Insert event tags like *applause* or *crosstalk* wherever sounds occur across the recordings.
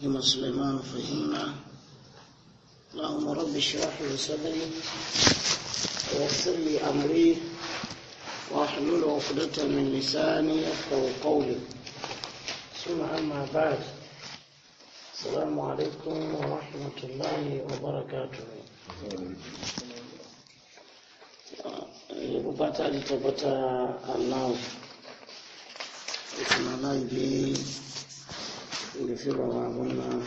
فيهما سليمان فهيما اللهم رب اشرح لي صدري ويسر لي امري واحلل عقدة من لساني يفقه قولي ثم اما بعد السلام عليكم ورحمة الله وبركاته يبقى تعالي تبتا الله يكون الله ورسل وابونا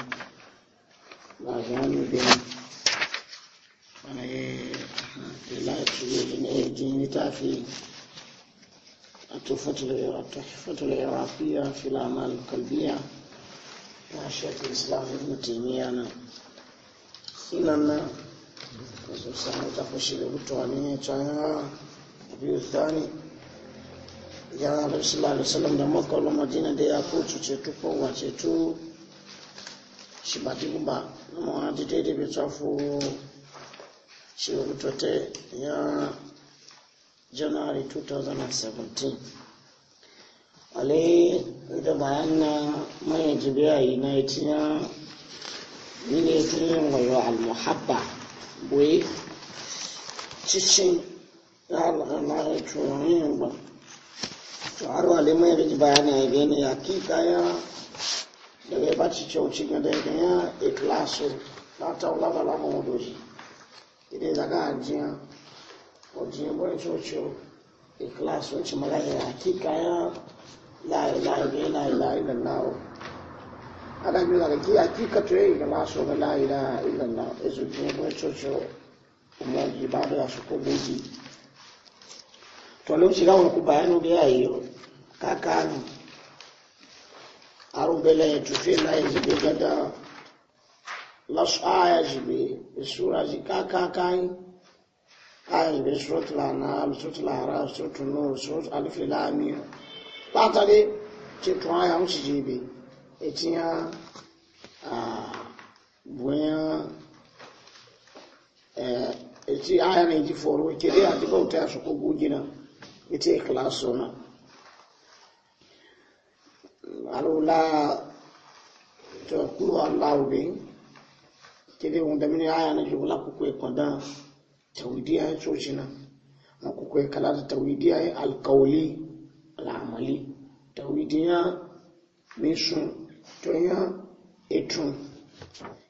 ما ان الدين تافي التحفة العراقية في الأعمال القلبية مع شيخ الإسلام ابن تيمية أنا خلانا خصوصا تخشي بطوانية تايا الثاني ya rabu sallallahu alaihi wasallam da makka wala madina da ya kucu ceto ko wa ceto shi ba dubu ba na ma ji daidai bai tsafo shi rubutote ya january 2017 ale da bayan na mai jibiya yi na ya tiya ni ne tiyan wayo al boye cikin ya al'amari tunanin ba to har walimu ya riji bayani ya gani ya kika ya daga ya baci e cewci ga da ya ya ikilasu na ta wula ba lamun wadoji idan zaga ajiya wajen bai cewci ikilasu wacce magana ya kika ya layi ga yana ila'i da lawo ana biyu daga ki hakika to yayi e gama so layi la'ila'i illa Allah isu e je bai cewci kuma ba da su ko bai to lokacin ga wani ku bayanu da yayi yau kakanu arubela yetu fela yezibe gada lasu e, aya zibe sura zikakakai aya zibe suratul anam suratul araf suratul nur suratul alif lam mim pata de titun aya mu ci zibe etinya a boya eh eti aya ne ji foro kede ati bauta su ko gugina ite class ona alula to kuru allahu bin kede wanda mini aya na jula kuku e kwada tawdiya ya coci na na kuku e kala da tawdiya ya alkauli al'amali tawdiya min sun to ya etu.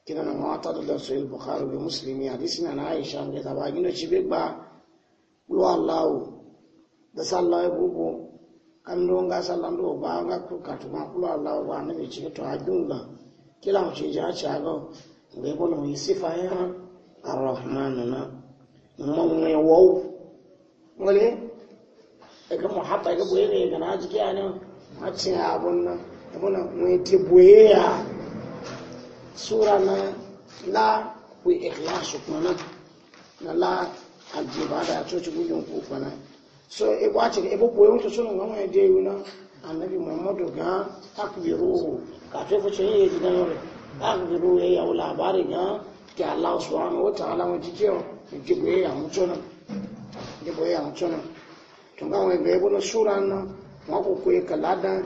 kina na mawata da sahih bukhari bi muslimi hadisi na na aisha ngai da ba gino ci be ba kuru allahu da sallahu bubu kando nga sallando ba nga ku katuma kulu Allah wa annabi ci to ajunga kila mu ci ja ci ago sifa ya arrahman na mun ne wau ngale e ga mu hatta ga boye ne ga na ji kiya ne a bonna abun na abuna mu ti boye sura na la ku ikhlasu kuma na la ajibada to ci gudun ku kuma so e wace e bobo yawon na nan wani je yuna annabi muhammadu ga takbiruhu kafin fice yi ji dan yore takbiruhu ya yawo ga ke allah subhanahu wa ta'ala wa ji kewa ya mutu nan ya ga wani ga na sura ya kala dan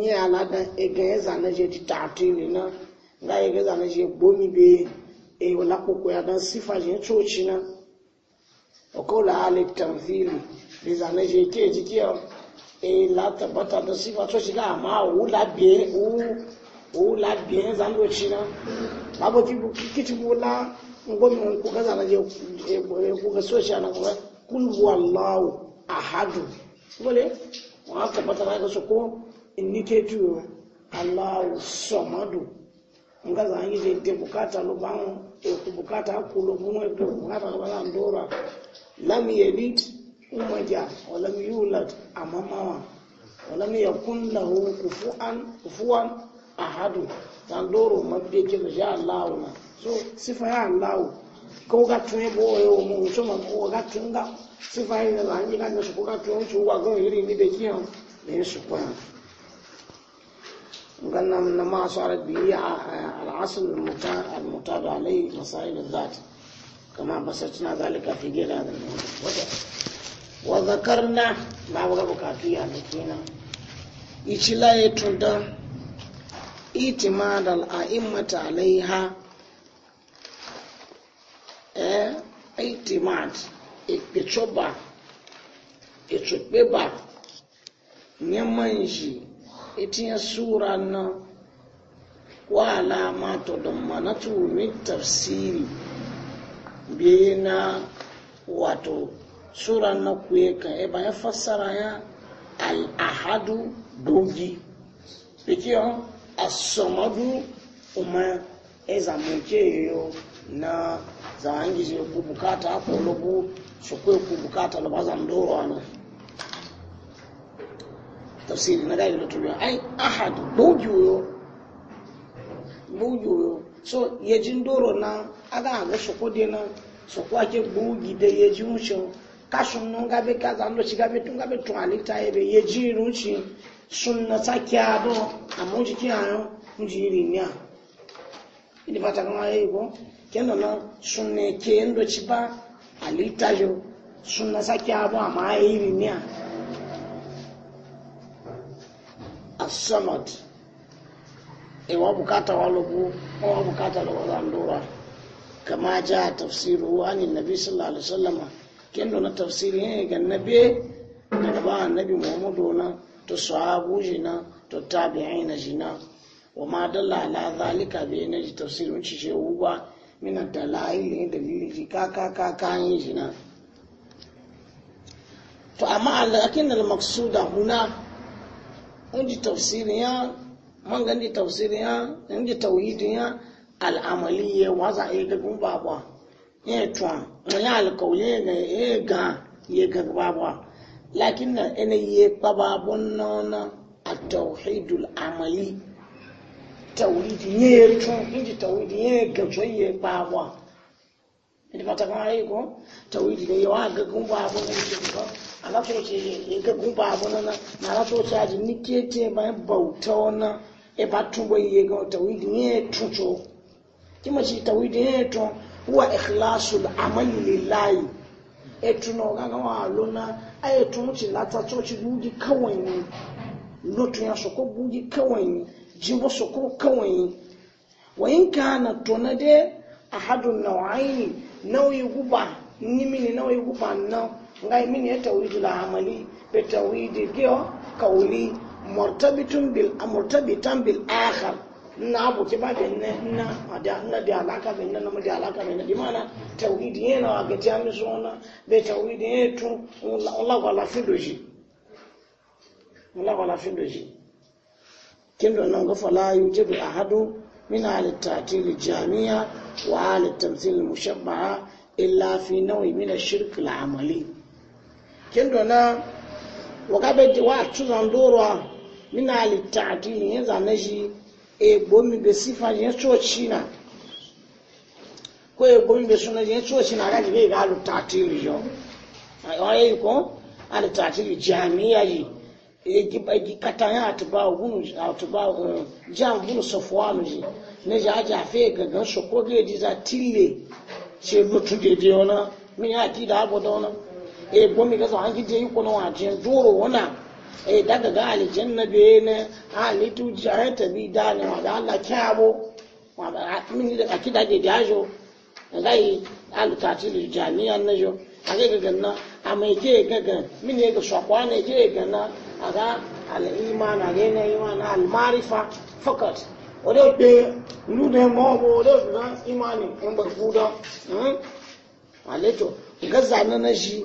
ya na nga yi gaza na je bomi be e lakoko ya dan sifa je coci na o kola alif tamthili bi za na je ke jikiya e la tabbata da sifa coci ga amma wu la bien wu wu la bien za lo ci na babu ki bu kici bu la ngomi ku gaza na je e, e, ku ga soci e na kuma kul wallahu ahadu ngole wa tabbata na ga su ko inni ke tuyo Allahu nga zangije ite bukata lubamu ekubukata akulo mumwe ite bukata lubala ndora lam yalid umaja walam yulad amamawa walam yakun lahu kufuan kufuan ahadu tandoro mabbe ke ja Allah na so sifa ya Allah ko ga tun bo yo mu so ma ko ga tun ga sifa ya Allah ni ga so ko ga tun chu wa go yiri ni de kiyo ne su ganin na masu arabiyya a al'asun al da alai masarar da za kama basar tuna zalika fi gida da nuna wa zakar na babu ga bukatu ya da kenan ichi laye tun da itima da al'a'in mata alai ha a itin e sura e na wa alama to don mana tumi tafsiri biye wato sura na kuye kan e bayan fassara ya al-ahadu dogi fikiyon asomadu uma e zamanke yo na zangizi ku bukata ko lobu su kubukata bukata lobaza ndoro tafsiri na dai lutu ai ahad bujuyo bujuyo so yeji ndoro na aga ga na soko ake bugi de yeji sho kasun nun ga be kaza ndo shiga be alita ebe yejin runchi sunna sakya do amuji ki ayo njiri nya alita samad ewa bukata walogu wa bukata logo zandura kama ja tafsiru ani nabi sallallahu alaihi wasallam kendo na tafsiri ne ga nabi daga ba nabi muhammadu na to sahabu jina to tabi'in jina wa ma dalla ala zalika bi ne tafsirun ci shehu ba min dalail da dalili ka ka ka yin jina to amma lakin al maqsuda huna inji tafsirin ya man gandi tafsirin ya inji tawhidin ya al'amaliye waza ya ga gun babwa ya tuwa wani alkaule ga ya ga ya ga babwa lakin na ina yi bababun nona a tawhidul amali tawhidi ya yi tuwa inji tawhidi ya ga ya babwa ita fata kan aiko tawhidi da yawa ga gun babwa ne ke alatoce ga gumba abuna na na alatoce aji ni kete ba ona e ba iye ga tawidi ne tucho kima tawidi ne to huwa ikhlasul amali lillahi e tuno ga ga wa lona ai tun ci lata toci buji kawai ne lotun ya soko buji kawai ne jibo soko kawai ne wa in kana tona de ahadun nawaini nauyi guba nimini nauyi guba nan ngai mini ya tawhid la amali be tawhid kiyo kauli murtabitun bil murtabitan bil akhar na abu ke ba da na da na da alaka bin na mu da alaka bin na mana tawhid yana ga ta mi sona be tawhid ye tu Allah wala fi doji Allah wala fi doji kin na nan la yujibu ahadu min al-ta'til jamia wa al-tamthil mushabbaha illa fi nawi min ash-shirk al-amali kendo na wakabe wa tuzan dorwa mina littati ya zane shi e gomi be sifa ya coci na ko e gomi be suna ya coci na gaji bai ga littati rijo a yawon yi ko a littati jami'a yi egi e kata ya atuba gunu atuba uh, jam gunu sofwanu ji ne ja ja fe gagan sokoge ji za tille ce lutu de de ona min ya ki da abodona e gomi ga zawon gije yi kuna wace zoro wana e daga ga alijan na biye na halittu jare ta bi da ne wa da Allah kyabo wa da min da kaki da ke jajo ga yi alutati da jami'a na jo a ga gagan na a mai ke gagan yi ga shakwa ne ke na, a ga al'imana ga yana yi mana almarifa fakat wadda ɗaya nuna mawa wadda ɗaya imanin yan e barfuda hmm? aleto gaza na na shi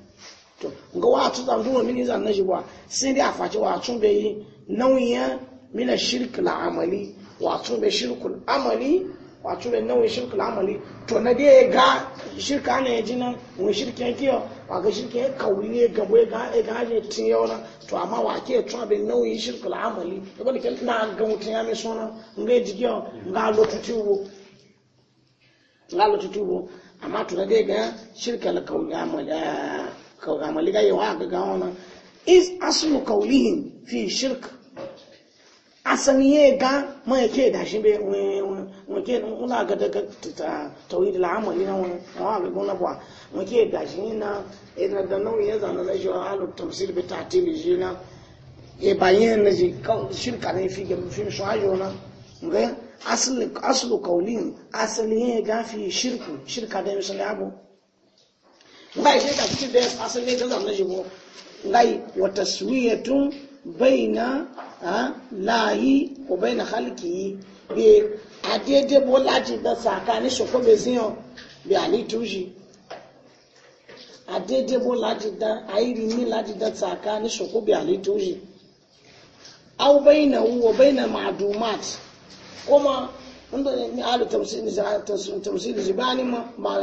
to nga wa tu da duwa mini zan naji ba sai dai a faci wa tun be yi nauyin mina shirk la amali wa tun be shirkul amali wa tun be nauyin shirkul amali to na dai e ga shirka ne ji nan wani shirke kiyo wa ga shirke kauli ne gabo ga e ga ne tin yau na to amma wa ke tun be nauyin shirkul amali to e ba ke na ga mutun ya mai sona nga ji ke kiyo nga lotutuwo nga lotutuwo amma to na dai ga shirka la kauli amali eh. kama liga yawa ga gawa na is asulu kaulihim fi shirk asani ye ga ma yake da shi be wake ula ga daga tawhid al-amali na wani wa ga gona ba wake da shi na ina da nauyi ya zana da shi alu tafsir bi ta'til jina e bayan na shi shirka ne fi ga fi shayo na ga aslu aslu kaulihim asali ye ga fi shirku shirka da misali abu ngai shi ka cikin da ya fasa ne ga zamanin shigo ngai wa taswiyatun baina layi ko baina halki be a daidai bolaji da tsakanin shi ko bai ziyan bai halittu shi a daidai bolaji da a yi rini laji da tsakanin shi ko bai halittu shi au baina wa baina ma'adumat kuma ndo ne mi alu tamsili za tamsili zibani ma ma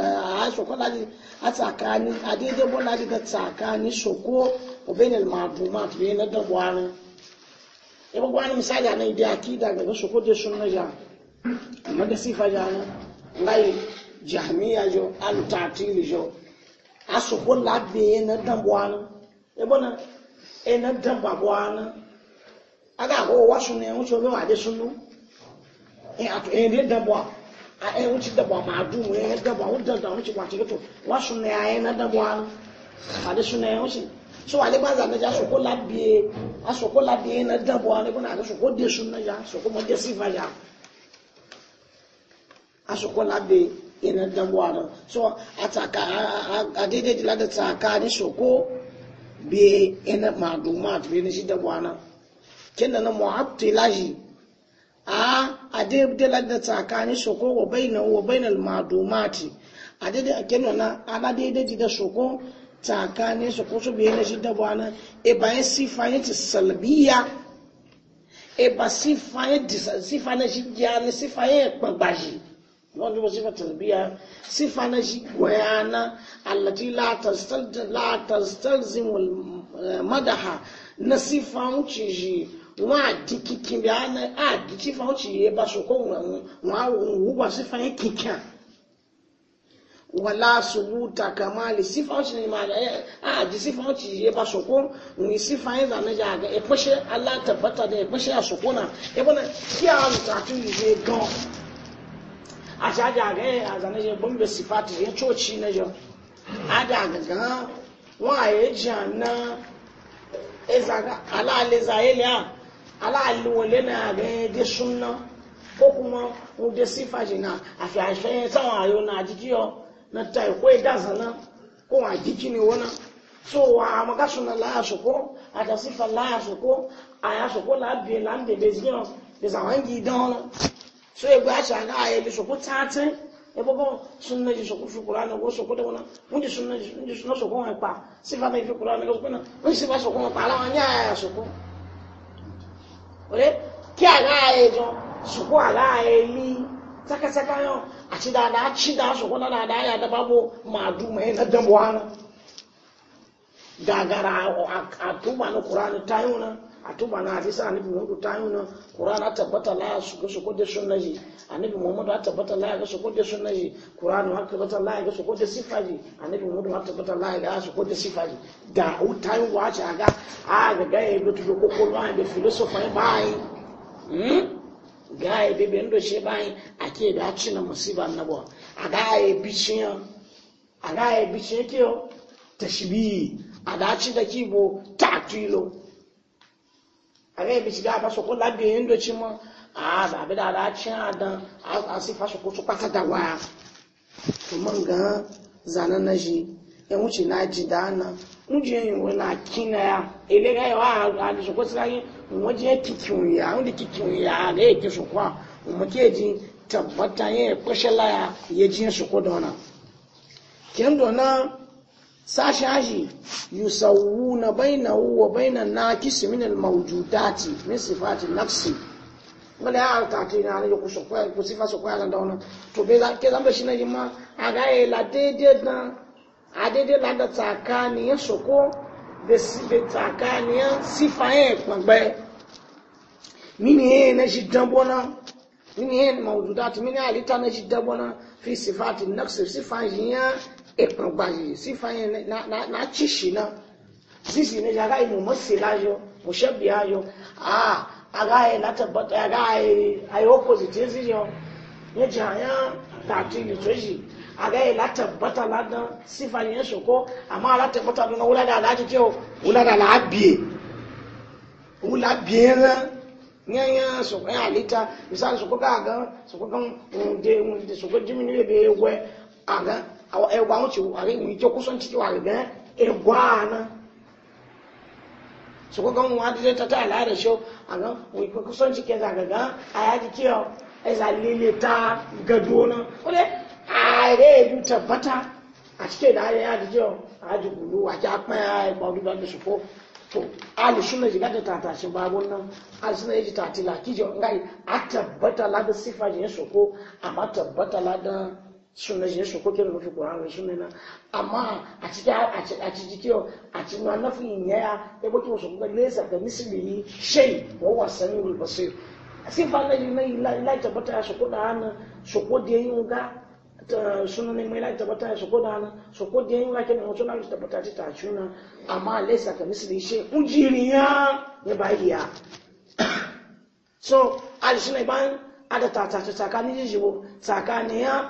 a so ko laji a tsakani a daidai bo laji da tsakani so ko obenel madumat be na da gwanin e bo gwanin misali anan da akida ga so ko de sunna ja amma da sifa ja na ngai jahmiya jo alu tatili jo a so ko labe na da gwanin e bona e na da gwanin aga ko wasu ne wuce be wa de sunu ɛyɛ eh, eh, dabɔ a ɛyɛ wotsi dabɔ a maa dum ɛyɛ dabɔ a wotsi eh, dabɔ a wotsi wotsi to wasu na ɛyɛ na dabɔ a ale su na ɛyɛ wotsi so ale ba zan nadza soko la bie asoko la bie na dabɔ ale kɔni ale soko de su nadza soko mo de si va ya asoko la bie ina dabɔ ale so ataka a de la de ta ka ne soko bie ina maa dum maa tibie ne si dabɔ ana kenda na mɔ ati la yi. a a daidalar da tsakanin soko wa bainan wa bainal madumati a daidai a kenan na ana daidai da soko tsakanin soko su biye na shida e ba na e bayan sifa ya ci salbiya e ba sifa ya ci sifa na shi ya eh, na sifa ya gbagba shi wọ́n ní wọ́n sífà tàbíyà sífà náà sí gbọ̀yàna àlàtí látàstàlzimu madaha na sífà ń ci shi wọn adi kinkin bi ana adi tí fa ọtí yẹ ba so kó wọn wọn wọn awọ wọn wọn sí fa yẹ kinkin wala subuta kamali sifa ọtí ni ma ẹ eh, adi sifa ọtí yẹ ba so kó wọn sifa yẹ zànà yà gẹ ẹkpẹsẹ ala tẹpẹta dẹ ẹkpẹsẹ asoko na ẹbọn na kí a lùtà tó yìí yẹ gan àti adi àgẹ àzànà yẹ bọm bẹ sifa ti yẹ tó ọtí nẹ yọ adi àgẹ gan wọn àyè jìnnà ẹ zàgà alá alẹ zàyẹ aláàlú wọlé náà gẹ́gẹ́ dé súnná kó kuma ń dé sífàjì náà àfi àṣẹyìn sáwọn àyò náà àjíjí na ta ìkó ìdásán náà kó wọn àjíjí ni wọn náà so wà àmọ́kásùn náà láàṣùkó àtàsífà láàṣùkó àyàṣùkó láàbì láǹdè bèzí ọ bèzí àwọn ń yìí dán ọ so ègbé àṣà náà àyẹ̀bí sòkó tààtì ebogo sunna ji sòkó fi kura náà wọ́n sòkó dẹ́wọ́n náà wọ́n ti sunna ji sòkó wọn pa sífà náà fi kura náà wọ́n sòkó náà wọ́n sì bá ore ti ala ayi jo suku ala ayi li saka saka yo a ci da da ci da suku na da ya da babu ma du ma ina da bo ana gagara a tuma no qur'ani tayuna atuba na hadisa annabi muhammadu ta yi nan qur'an a tabbata la su ga su kodde sunna annabi muhammadu a tabbata la ga su kodde sunna ji qur'an a tabbata la ga su kodde sifaji ji annabi muhammadu a tabbata la ga su kodde sifaji da u ta yi wa ta ga a ga ga ya bi tudo kokko da filosofa ba yi hmm ga ya bi ben do she ba yi ake da ci na musiba annabo a ga ya hmm? bi shi a ga ya yi shi ke tashbihi a da ci da kibo aga ebi ti da ba soko labi mo a zabi da ala cin adan a si fa soko su da waya to man ga zana na ji ya e wuce na ji da na nji yin wo na kina ya ele ga wa a di soko sira e mo je kikun ya un di kikun ya ga e ke soko mo ke ji tabbata yin e kwashela ya ye ji soko dona kendo na sashi yusawu bainahu wa bainan nakisi min almawjudati min sifati nafsi ya na ne ku so kwa ku sifa so kwa to be la ke shine aga e la dede na a la da tsakani ya de sifa e mini e na shi dambona mini e mawjudati mini na shi dambona fi sifati nafsi sifa ekpagbayi sifanye na na na chishi na ne jaga imu masilajo mushabihajo ah agaye na tabbata agaye e ayi e, e opposite zijo ne jaya tati litoji agaye la tabbata la dan ama la na wula da la jike wula da la biye wula biye nyanya soko ya lita misal soko ga ga soko kan mm, de mm, soko jimini be we aga awa e gwa wuce ware mu ke kusanci wa ga e gwa so ko gan wa da ta ta ala da sho aga mu ke kusanci ke za ga ga aya ji ke e za lele ta gado na kole a re ju tabbata a cike da aya ji ke a ji gulu wa ja pa ai ba du ba da su ko to a sunna ji gada ta ta shin babun nan ali sunna ji ta tila kijo ngai a tabbata la da sifa ji su ko amma tabbata la da suna shi su ko kere mafi kuran shi ne amma a cikin a ci jikiyo a ci na nafi yaya ya baki wasu kuma nesa ga misali shai wa wasan yi basir sifa na yi na ilai tabbata ya su da hana su ko da yin ga suna ne mai tabbata ya su da hana su ko da yin ga kenan wasu na tabbata ta tacuna amma lesa ga misali shai ujiriya ne ba iya *coughs* so alishina ban ada ta ta ta tsakanin jijibo tsakanin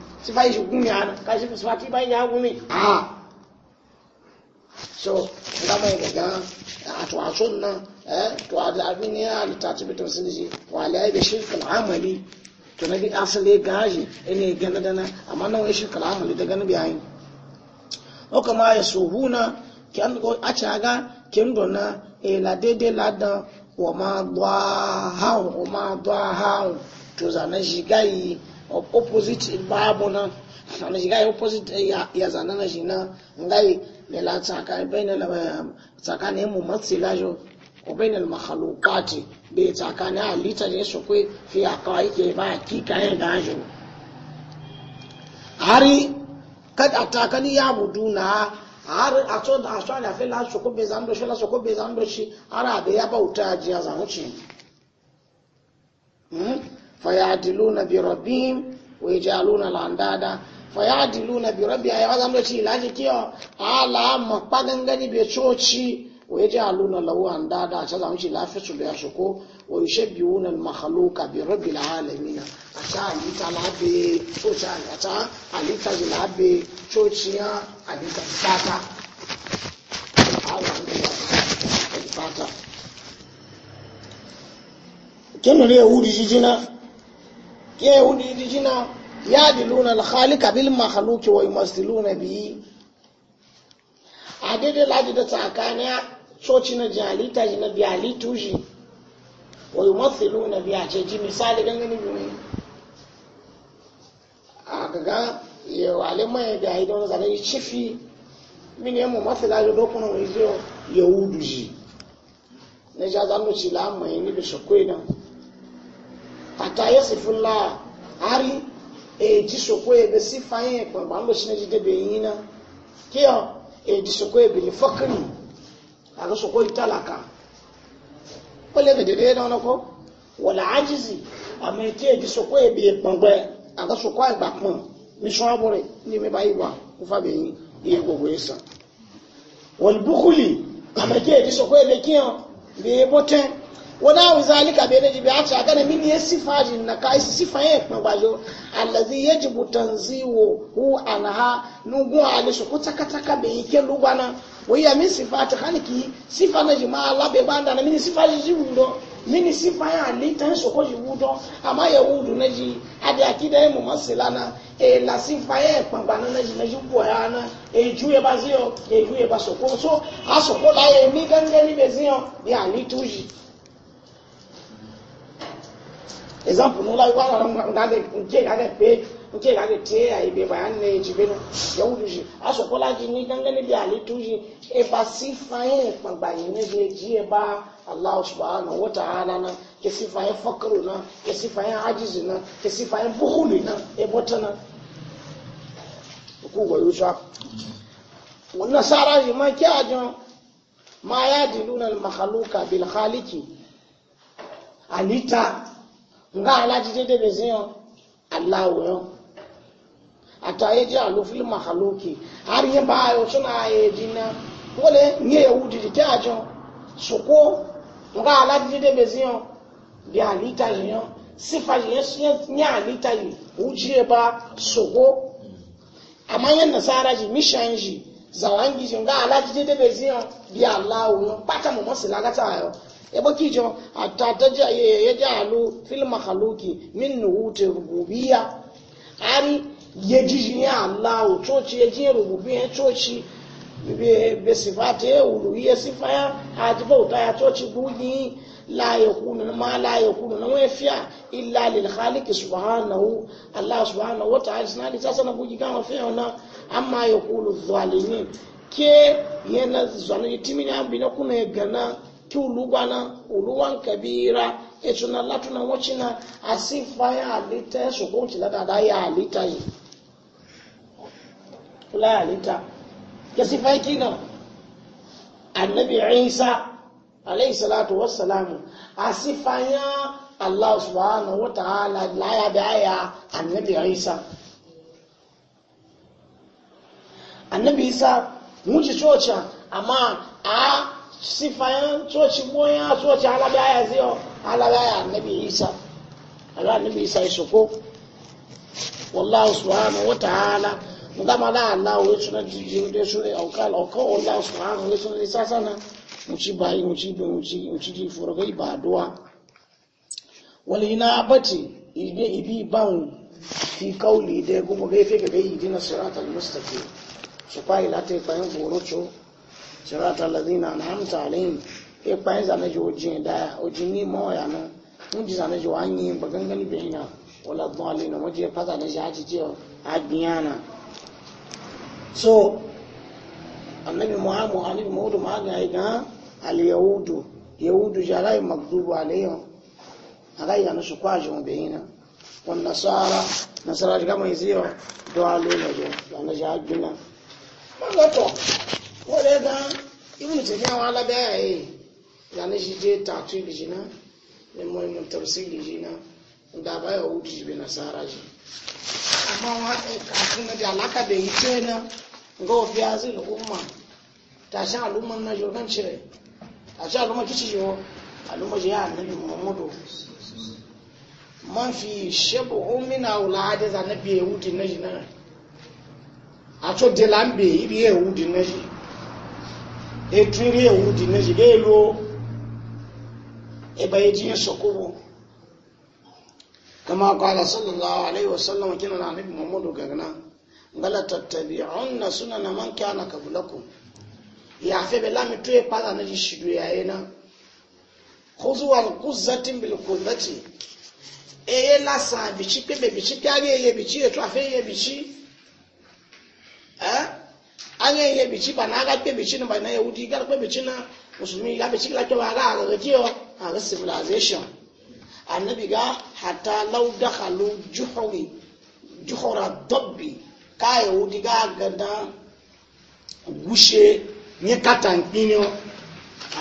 sifai shi gumi ana ka shi sifati bai ya gumi a ah. so ga mai daga a to a sunna eh to a da abin ya ta ci bitin sun ji walai da shirkin amali to na bi asali gaji ina ga na dana amma nan wai shirkin amali daga na biyayin o kama ya suhuna ki an go a caga kin dona e eh, la dede la dan wa ma dwa ha wa ma dwa ha to zanan shi gayi opposite babu nan na shiga opposite eh, ya zana na shi na ngai ne la tsaka bainal eh, tsakanin mu matsila jo ko bainal makhluqati be tsakanin halitta ne su kwe fi aka yake ba hakika yin gajo hari kad atakani ya buduna har a to da aso na fe la su ko be zando shi la su ko be zando shi ara be ya bauta ji ya zamu ci hmm fayadiluna bi rabbihim wa yajaluna landada fayadiluna bi rabbihim ya zan da ci laji kiyo ala ma pagangani be chochi wa yajaluna lahu andada cha zan ci lafi su da shoko wa yushabbihuna al makhluqa bi rabbil alamin acha alita labe chocha acha alita labe chochiya alita sata Kí ni ilé ewu di jíjí náà? ke yahudi jina ya diluna alhalika bil mahaluki wa yumasiluna bi a daidai laji da tsakaniya soci na jihalita na biyalitu shi wa yumasiluna bi a ji misali gangani biyu a gaga yawale mai da idan wani yi cifi min yamu masu lajo dokunan wani zo yahudu ji na ja zanuci lamu ya ni da shakwai nan àtàyè sì fún láà àárí èjì sòkó ebè sí fáyín ẹ̀pẹ̀gbà ń lò sí méjì débè yín náà kí ọ èjì sòkó ebè lè fọ́kìrì àti sòkó ìtàlàkà ó lè gèdè dé náà lọ́kọ́ wọ̀là ájìzì àmì tí èjì sòkó ebè pọ̀ngbẹ́ àti sòkó àgbà pọ̀n mi sọ ọ́bùrẹ̀ ní mi báyìí wà kó iye gbogbo yìí sàn wọ̀lùbúkúlì àmì tí èjì sòkó ebè kí ọ bí ebó wọ́n àwọn ìzáàlìkà bí ẹnẹ́jì bí i àti àgànnà mí ni yẹ sí fàájì nàka ẹ sì sí fàáyẹ pọn gbàjọ àlàzí yẹ jìbù tànzí wò hu ànàhà nùgbọ́ àlẹsọ kó takataka bẹ̀ yìí kẹ́ ló gbà náà wọ́n yà mí sì fàájì hànìkì sí fàájì máa lábẹ́ bá ń dáná mí ni sí fàájì sí wù dọ́ mí ni sí fàájì àlẹ́ tán sọkọ́ yìí wù dọ́ àmọ́ yẹ wù dùn nẹ́jì àdé àkídé ẹ̀ mọ̀mọ́ sí lánàá ẹ̀ là exemple nous là il va on a des on tient avec pé on tient avec tiens et bien voilà ne tu veux non ya ou à ce point là je n'y gagne ne bien et pas si pas dit ba Allah subhanahu wa ta'ala na ke si fain fakru na ke si fain ajiz na ke si fain na e eh, botana ku go yusha wannan yi ma kya ajon ma ya diluna al makhluqa bil khaliqi alita nga alajide de beziyo allahu yo ata yeji alu fil mahaluki har ye ba yo suna yeji na wole nye yahudi di kajo soko nga alajide de beziyo bi alita yo sifa ye nye alita yi uji ba soko amanya nasara ji mishanji zawangi ji nga alajide de beziyo bi allahu yo pata mo mo silagata yo yabo kijo hatta ta ya jalu fil makhluki min nuhuti rububiyya ari ye ya Allah o chochi ye jin rububiyya chochi be be sifati e uluhiyya sifa ya hatifa utaya chochi gugi la yakunu ma la yakunu na wefia illa lil khaliq subhanahu Allah subhanahu wa ta'ala sinali sasa na gugi kama fe ona amma yakulu dhalimin ke yana zwana yitimini ambina kuna gana ki ulugwana uluwan kabira etuna latuna wacina asifa ya alita ya sukunci ladada ya alita alita ya sifa kina annabi isa alayhi salatu wassalamu asifa ya allah subhanahu wa ta'ala annabi isa annabi isa mun coca amma a sifayan tsoci boyan tsoci halabaya ziyo halabaya annabi isa ala annabi isa isu ko wallahu subhanahu wa ta'ala ngama la na wo suna jiyo de sure au kala au ko wallahu subhanahu wa suna isa sana muci bayi muci be muci muci ji furo ga ibaduwa wal ina abati ibe ibi bawu fi kauli de gumo ga fe ga yi dina siratal mustaqim su fa ila te fayan goro cho صراط الذين أنعمت عليهم إقبال زانجي وجين دا وجيني مو يعني ونجي زانجي واني بغنغني بينا ولا الضالين وجي فتا نجي عجي جيو عجيانا so annabi muhammad annabi muhammadu ma ga yi gan al-yahudu yahudu jarai magdubu alayhim agai ga nusu kwajin bayina wan nasara nasara ga mai ziyo do alolo do na jagina ma ga wọle ga iwute tafiya wa ya baya yi da na shi je tatu da jina da muhimmin tafsiri jina da baya wuce shi bai alaka dị iche na ga wafi na zai da alụmọ tashin al'umman na jorgan cire tashin al'umma ji ya annabi muhammadu ewu a to de lambe ibi ewu eh, etwiri ewudi na ziga elu ebe ejinye sokobo kama ala sallallahu alaihi wasallam kina na nabi muhammadu gagna ngala tattabi'unna sunana man kana qablakum ya fe be lami e pala na jishidu ya ena khuzu wal quzzati bil quzzati e la sa bichi pe bichi kare ye bichi etu afe ye bichi anya ihe bichi ba na aga kpe bichi na ba na yahudi gara kpe bichi na musulmi ga bichi ga kpe ba ga aga ga kiyo aga civilization annabi ga hata law dakhalu juhuri juhura dabbi ka yahudi ga gada gushe nye katan kinyo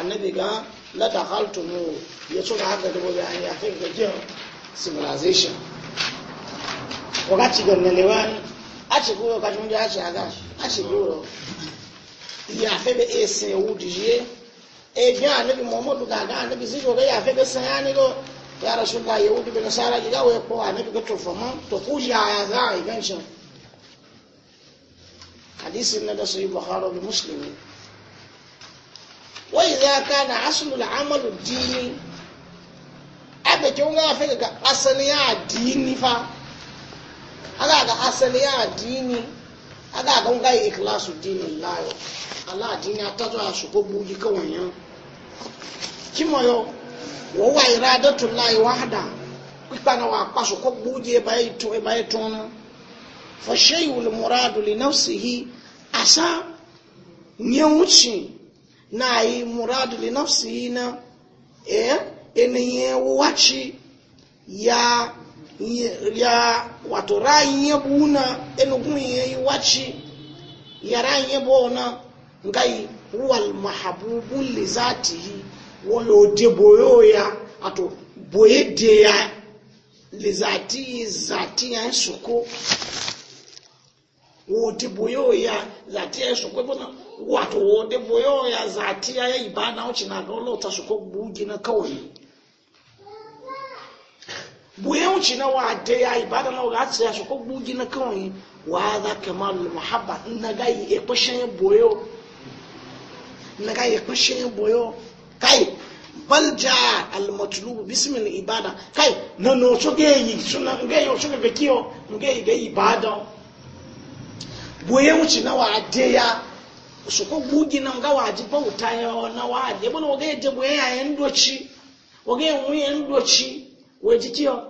annabi ga la dakhaltu mu Ya yaso ga aga da bobe an ya ga kiyo civilization wakati ga nalewani achigoro kachi ndị achị aga achigoro ya febe esi ewu dijie ebi anabi muhammadu gaga anabi zijo ga ya febe sanyani go ya rasulullah yahudi bin nasara ji ga wee kpọọ anabi ga tofama to kuji aya za e a igancin hadisi na da su yi bukhari bi muslimi wa idza kana na al-amal ad-dini abe ke unga fega asali ya dini fa aga asali ya addini aga ga ngai ikhlasu dini layo ala adini atazo asuko buji kawai yan kimoyo wo wa iradatu lahi wahda kipana wa paso ko buji e bayi to e bayi tona fa shay'ul muradu li nafsihi asa nyewuchi na yi muradu li nafsihi na eh eniye wachi ya ya wato ra'ayin ya buna enugun ya yi ya ra'ayin ya bona ngai wal mahabubu li zatihi wayo de ya ato boye ya li zati zati ya soko wo de ya zati ya soko bona watu wo de boyo ya zati ya ibana ochina no lota soko bugi na kawani bwenchi na wa de ya ibada na ga tsaya shi ko bugi na kawai wa za kamal muhabba na ga e yi ekwashin boyo na ga e yi ekwashin boyo kai balja al matlub bism ibada kai na no so ge yi suna ge yo so ge kiyo ge ge ibada bwenchi na wa de ya su ko bugi na ga wa ji bauta ya na wa ya bana wa ga je boye ya ndochi wa ga yi ndochi wa ji kiyo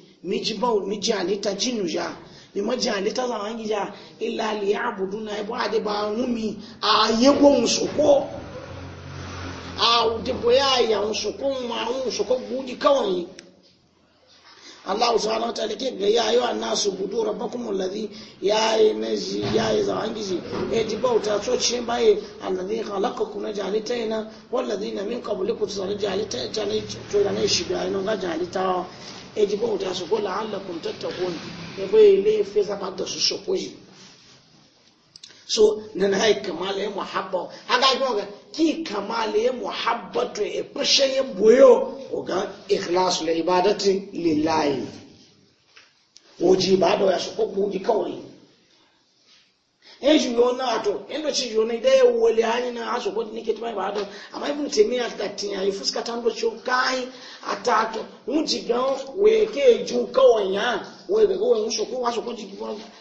miji bau miji alita jinu ja mi maji alita za wangi ja illa ali abudu na ibo ade ba mumi a yego nsoko a ude boya ya nsoko ma nsoko gudi kawai Allah subhanahu wa ta'ala ke ga ya yi wa nasu budu rabbakum alladhi ya yi naji ya yi zawangiji e ji bauta so ce baye alladhi khalaqakum jalitaina walladhina min qablikum sar jalita jalita to da ne shi ga ga jalita e ji bauta so ko la'allakum tattaqun e bai le fe zaba da su so so nana hai kamala ya muhabba haka ga ga ki kamala ya muhabba to e pressure ya boyo o ga ikhlas li ibadati lillahi oji ibada ya so ko ji kawai eji yo na to endo chi yo ne de wole hani na aso ko ni ketma ibada amma ibn taymiya ta tinya yi fuska tango cho kai atato muji ga we ke ju kawai ya we ga ko we muso ko aso ko ji ko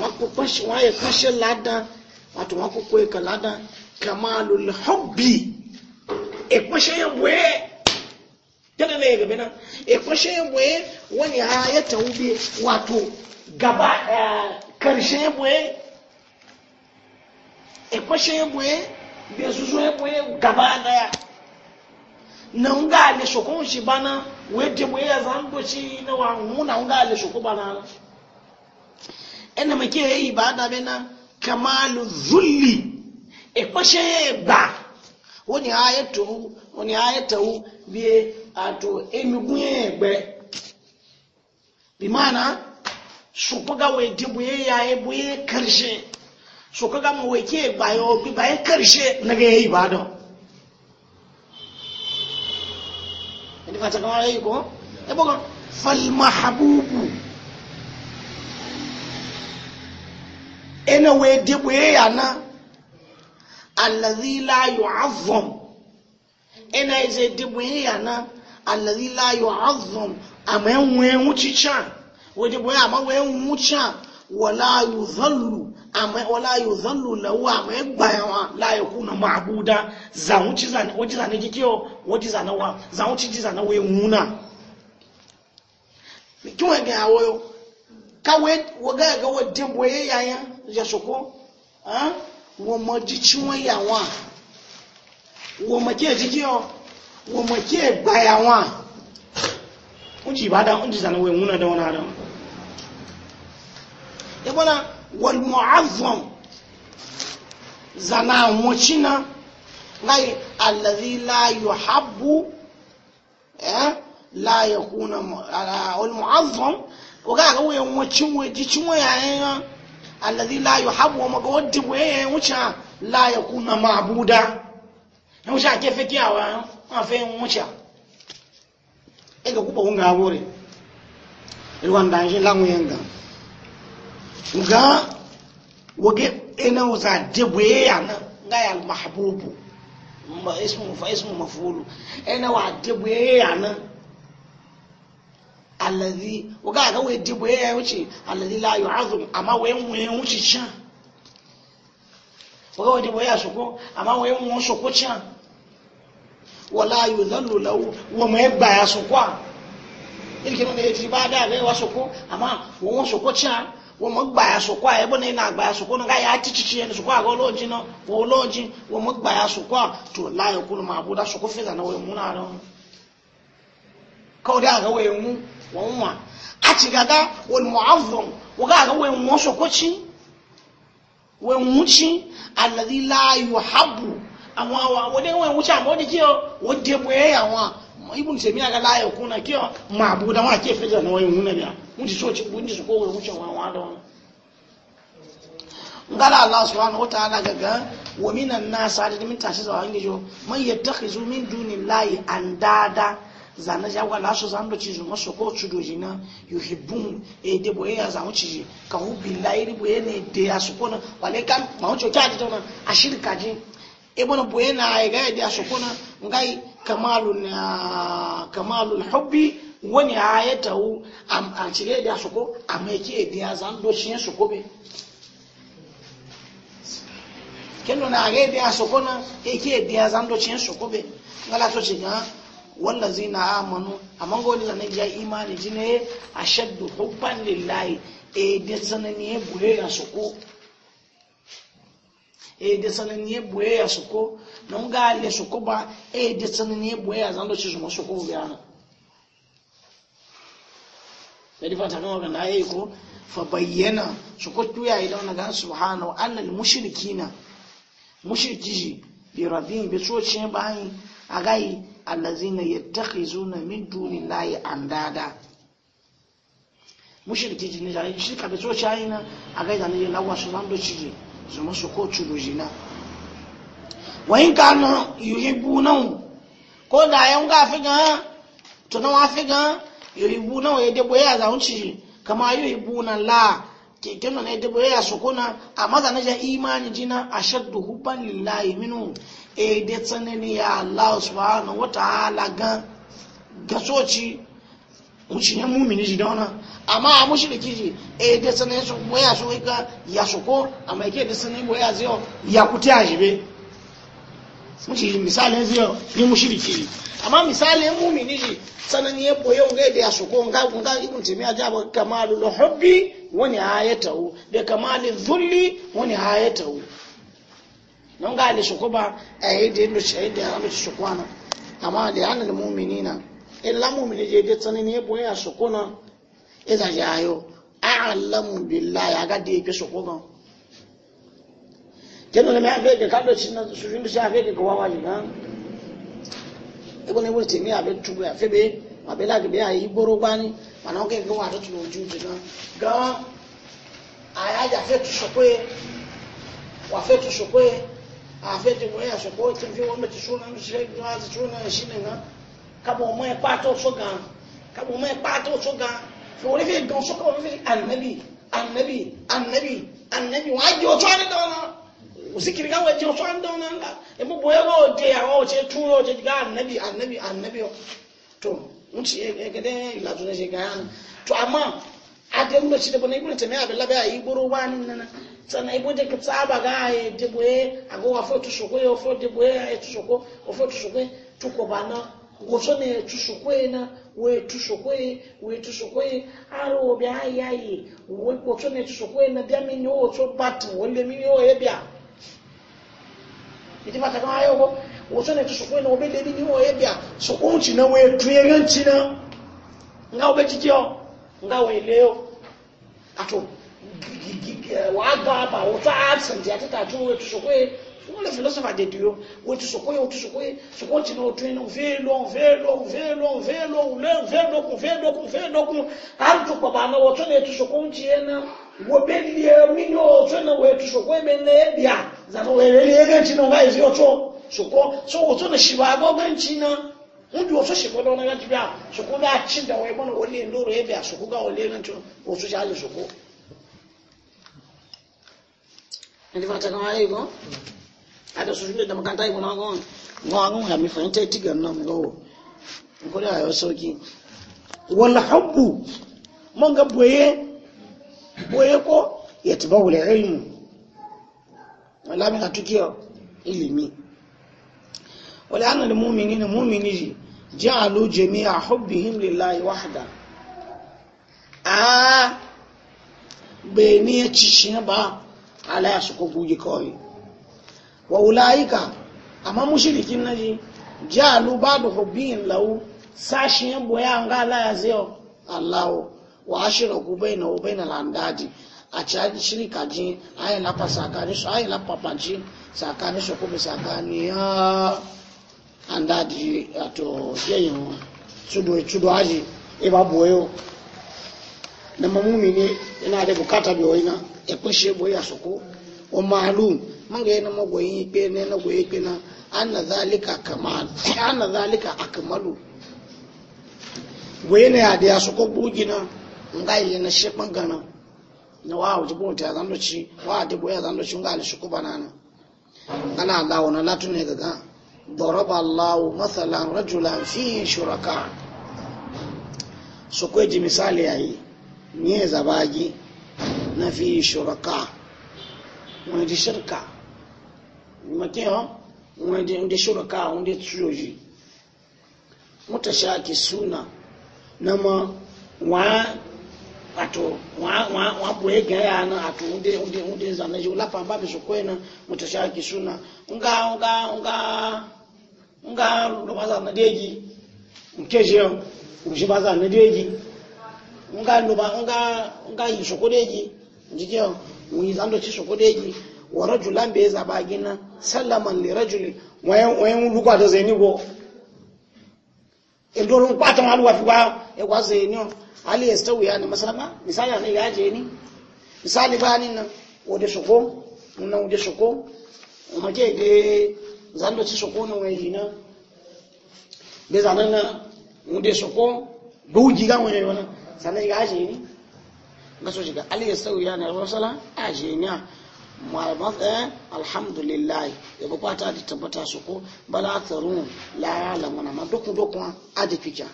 wọn kó kọ́ṣe wọn ayẹ kọ́ṣe lada wàtò wọn kó kó ẹ̀ka ládàá kàmáàlú lọ́bì ẹ̀kọ́ṣe yẹn wẹ́ tẹ́lẹ̀ lẹ́yìn gẹ̀gẹ́ náà ẹ̀kọ́ṣe yẹn yà wàtò gaba kẹrìṣẹ́ yẹn wẹ́ ẹ̀kọ́ṣe yẹn wẹ́ soso gaba náà na n ga sọ̀kọ́ ń n si bana wẹ́ẹ́ dẹ́wọ́ yẹn zan dọ̀ sí náà wà ń mú na nga ena make bá ibada bena kamalu zulli e kwashe ba woni ayatu woni ayatu bi bí emigun àtò bi mana su kuga we dibu ye yaye bu ye karshe su kuga mu we ke bayo bi baye karshe naga yayi ibada ni fata ko e bogo fal mahbubu ena wee dịkwa ya na allazi la yu'azzam ena eze dịkwa ya na allazi la yu'azzam ama enwe nwuchicha wee dịkwa ya ama wee nwucha wala yuzallu ama wala yuzallu lahu ama egbayawa la ma'buda za za za za za za ga waga ga wadin boye ya soko wọ́n mọ jí tí wọ́n yà wọ́n wọ́n mọ kí èjì kí ọ wọ́n mọ kí o ji wọ́n wọ́n jì da dá wọ́n jì sànà wọ́n múnà dánwọ́n náà dánwọ́n ìbọ́nà wọ́n mọ àvọ́n zànà àwọn la láì àlàrí láyò hábù láyò kúnà wọ́n ga àvọ́n wọ́n káàkiri won mọ tí won ya en alladhi la yuhabbu wa magawdi we wucha la yakuna ma'buda wucha ke fiki awa ma fe wucha e ga kuba unga abore ilwan dan shi lanwe yanga ga wage ina wuza debwe yana ga ya mahbubu ismu fa ismu mafulu ena wa debwe yana alladhi uga ga we dibo ya wuce alladhi la yu'azum amma we mun wuce shan uga we dibo ya soko amma we mun soko shan wala yudhallu lahu wa ma yabba ya soko ilkin ne ti ba da ga wa soko amma won soko shan wọ́n mọ̀ gbà yà sùkọ́ à ẹ̀bọ́n náà ti títí ẹni sùkọ́ àgọ́ olóòjì náà wọ́n olóòjì wọ́n mọ̀ gbà yà sùkọ́ à tó láyọ̀ kúrò máa bú dá náà wọ́n mú náà kawai da ga wayan mu wanwa a ci gaga wani mu'azzam wa ga ga wayan wasu kwaci wayan wuci alladhi la yuhabbu amma wa wani wayan wuci amma wani kiyo wadda boyayya wa ibn taymiya ga la yakuna kiyo ma'buda wa ke fija na wayan wuna biya mun ci so ci mun ci so ko wayan wuci wa wa da wani ngala allah subhanahu wa ta'ala gaga wa minan nas adad min tashi zawan gijo man yattakhizu min dunillahi andada zana jagwa laso zando chizu maso ko chudo jina bum, e de boye ya zan chiji ka hu billahi ri boye ne de asukona wale kan ma hocho chaji tona ashirka ji e bona boye na e ai e ga e de asukona ngai kamalun kamalul hubbi wani ayata wu am achile de asuko ameke de azando chin sukobe kendo na ga de asukona eke de azando chin sukobe ngala to chiga wallazina amanu a ga wani zanen ya imani ji ne a shaddu hubban lillahi e da sanani ya buye ya suko e da sanani ya buye ya suko na ga le suko ba e da sanani ya buye ya zan da ci zuma suko ga na da difa ta kan wanda yayi ko fa bayyana suko tuya idan ga subhanahu annal mushrikina mushriki bi rabin bi so ce a agayi allazina yattakhizuna min dunillahi andada mushiriki jini jari shirka da tsoci aina a da ne lawa su zan do ciji zuma su ko cudo jina wa in kana yuhibbunahu ko da yan ga fi gan to na wa fi gan yuhibbunahu ya debo boya za unci kama yuhibbuna la ke kenan ne boya su kuna amma zanaja imani jina ashaddu hubban lillahi minhu ede tsanani ya Allah subhanahu wa ta'ala gan gasoci wuce ne mumini shi da wannan amma a mushriki ji ede tsanani su boya su ka ya su ko amma yake da tsanani boya zai ya kuti a jibe mushi misalin zai ni mushriki ji amma misalin mumini ji tsanani ya boye ga da ya su ko ga ga ibn timiya ja ba kamalul hubbi wani ayatahu da kamalul dhulli wani ayatahu don ga ali su kuba a eh, yi da yadda shi da ya su kwana amma da ya nan mumini na illa mumini je da tsanani ya boya su kuna iza ya yo a'lamu billahi ya ga da yake su kuma kenan ne mai afeke ka do cin su jin shi afeke ko wawa ji na ne ibn timi abe tubu afebe abe la gbe ayi gboro gbani mana ke go wa do tun oju ji na gawa aya ja fe tu so pe wa fe tu so àfẹ́tì wọ́n yà sọ̀pọ̀ tí fi wọ́n mẹ́tì súnà ní ṣe ní wọ́n ti súnà sí nìyà kábọ̀ ọmọ ẹ̀pá tó sọ́gà kábọ̀ ọmọ ẹ̀pá tó sọ́gà fi wọ́n fi gan sọ́kà wọ́n fi ànẹ́bì ànẹ́bì ànẹ́bì ànẹ́bì wọ́n á jẹ́ ọ̀tọ́ ànídọ́nà òsìkiri káwọ́ ẹ̀jẹ̀ ọ̀tọ́ ànídọ́nà ńlá ẹ̀bùbọ̀ ẹ̀rọ òde àwọn ọ̀tẹ́ tún ọ̀tẹ́ gá ànẹ́bì ànẹ́bì ànẹ́bì tó ń ti ẹgẹdẹ́ ìlàjọ sana ibo de kitsaba ga de boye ago wa foto shoko yo foto de boye e tushoko o foto shoko tuko bana go so ne tushoko na we tushoko we tushoko aro obi ayayi we go so ne tushoko na dia mi nyo o so batu wo le mi nyo e bia iti pata kama ayo go wo so ne tushoko na obi le mi nyo e bia so unchi na we tuye ganchi na nga obi chikio nga we leo ato wagamba woto absent yatitatu wetu sokwe wole philosophe adediyo wetu sokwe wetu sokwe sokwe chino twene mvelo mvelo mvelo mvelo ule mvelo ku mvelo ku mvelo ku ari tukwa bana woto netu sokwe unchiena wobelie minyo woto na wetu sokwe bene bia zano webelie gen chino ngai zio cho sokwe so woto ne shibago gen china mudu woto shibodo na gan tibia sokwe ba chinda webono wole ndoro ebia sokwe ga wole gen chino woto chaje sokwe ndi fata kama hivyo hata sushule da makanta hivyo na gon gon ya mifanya tiga na mgo ngore ayo soki wala hubbu monga boye boye ko yatbau ilmu wala ilimi wala ana almu'minina mu'miniji ja'alu jami'a hubbihim lillahi wahda a ah, beni ya ci shi ba ala ya suko guji kawai wa ula'ika amma mushirikin na ji jalu ba da hubbiyin lau sashin yan boya ga ala ya zai allahu wa ashira ku bai na bai na landadi a caji shirika ji ayin lafa sakani su ayin lafa panci sakani su kuma sakani ya andadi ato yayin tudu aji e ba boyo na mamumi ne yana da bukata biyoyi na ekwishe bo ya soko wa ma'lum man ga na magoyin ikpe ne na goyi ikpe na anna zalika kamal anna zalika akmalu goyi ne ya da ya soko bugi na nga yi na shi Gana na wa wuce bo ta zan doci wa da bo ya zan doci nga ne shi banana ana Allah na latu ne gaga daraba Allah masalan rajulan fi shuraka soko e ji misali yayi ni zabagi na fi shuraka wani di shirka mace ha wani di shuraka wani di tsoji muta shaki suna na ato wa wa wa na ato unde unde unde zana suna nga nga nga nga lo baza na deji nkeje nje baza na deji nga lo ba nga nga jikin mun yi zando ci su kudegi wa rajulan bai zaba gina sallaman li rajuli wayan lugwa da zaini go indolun kwatan halwa fi ba ya kwa zaini Ali ya stawu ya masalama misali ne ya je ni misali ba ni nan da soko mun nan da soko amma ke de zando ci soko nan wai gina bai zanana mun da soko buji ga mun yi wannan sanan je ni gaso shiga aliyar sauya na rasala a ah, jeniya malamat eh alhamdulillah ya bu kwata da tabbata su ko bala tarun la yalamuna ma duk duk a da fija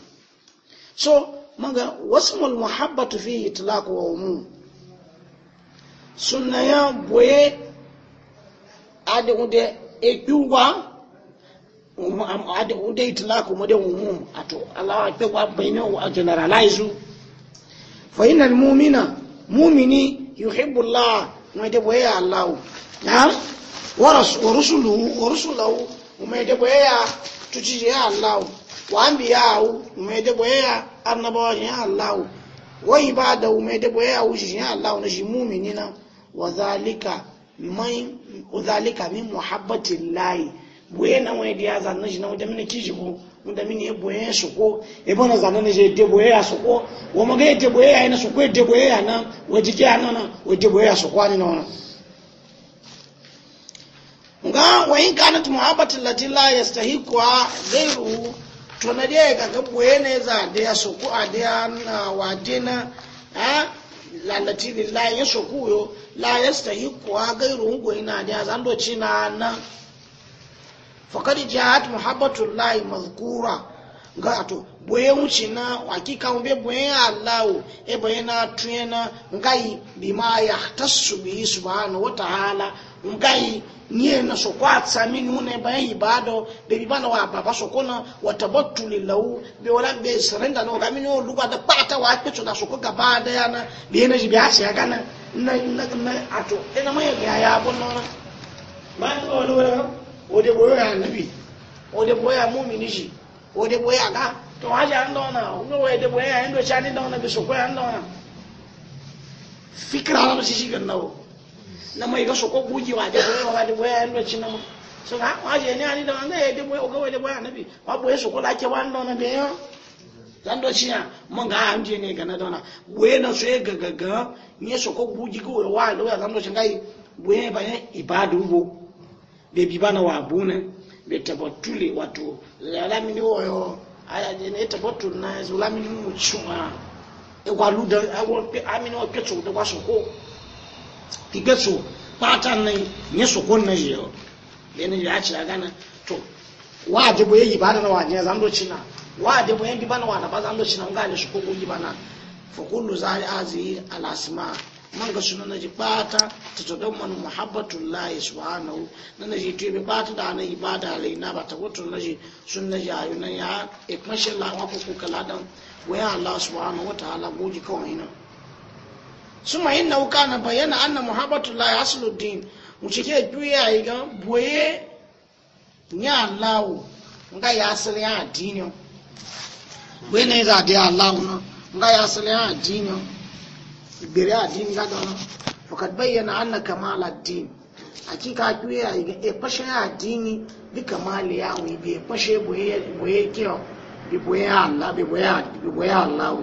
so maga wasmul muhabbatu fi itlaq wa umum sunna ya boye ade unde ejuwa um, ade unde itlaq mu de umum ato ala pe wa bayna wa generalize fa inna almu'mina mu'mini yuhibbu Allah wa yadbu ya Allah ha wa rasuluhu wa rasuluhu wa yadbu ya tuji ya Allah wa wa yadbu ya annabawa ya Allah wa ibadahu wa yadbu ya wuji ya Allah na shi mu'minina wa zalika man zalika min muhabbatillahi buye na wani shi na wajen mini kishi munda mini eboye soko ebona zanane je deboye ya soko wo maga deboye ya ina soko deboye ya na wajike ya nana wo ya soko ani nona nga wa in kanat muhabbatu allati la yastahiqu ghayru tonade ga ga boye ne za da ya soko a da ya na wajina ha lalati lillahi ya yo la yastahiqu ghayru ngo ina da zan na fakari jihad muhabbatullahi mazkura ga to boye wuce na hakika mu be boye Allahu e boye na tuye na ngai bima yahtassu bi subhanahu wa ta'ala ngai nye na so kwa tsami nune bayan ibado be bi bana wa baba so kona wa tabattuli lahu be wala be surrender no gami no luga da pata wa ke so da so ko gaba da yana be na jibi ati aga na na na ato ina mai ga ya bonno na ba to wala wode boyo ya nabi wode boyo ya mumini shi wode boyo ya ga to haja an dona unga wode boyo ya ndo chani dona bi soko ya dona fikra la shi shiga nawo na mai ga soko buji wa de boyo wa de boyo ya ndo china so ga haja ne ani dona ne de boyo ga wode boyo ya nabi wa boyo soko la ke wa dona be yo zan do chinya mun ga an je ne ga na dona boye na so ga ga nye soko buji ko wa lo ya zan do chingai boye ba ne ibadu bo bebi bana wabune betabotuli watu alamini woyo ayajene etabotul na zulamini muchuma ewaluda amini wapetso kuda kwasoko tigetso pata na soko na yo bene yachira gana to waje boye yibana na wanya zando china waje boye bibana wana bazando china ngale shoko kuyibana fakullu zali azi alasma man ga suna naji bata ta ta don manu muhabbatun layi subhanahu na naji to bi bata da na ibada lai na ba ta wato naji sun naji ayu na ya e mashin la ko kuka kala dan waya Allah subhanahu wata ala goji kawai na ma yin nauka na bayyana na muhabbatun layi asuluddin mu cike duya yi ga boye nya lawo nga ya asali ya adini boye ne za a ya lawo na nga ya asali ya adini gbere addini ga don fakat bayyana anna kamal addini hakika ku ya e fashe addini bi kamal ya wi bi fashe boye boye kiyo bi boye Allah bi boye bi boye Allah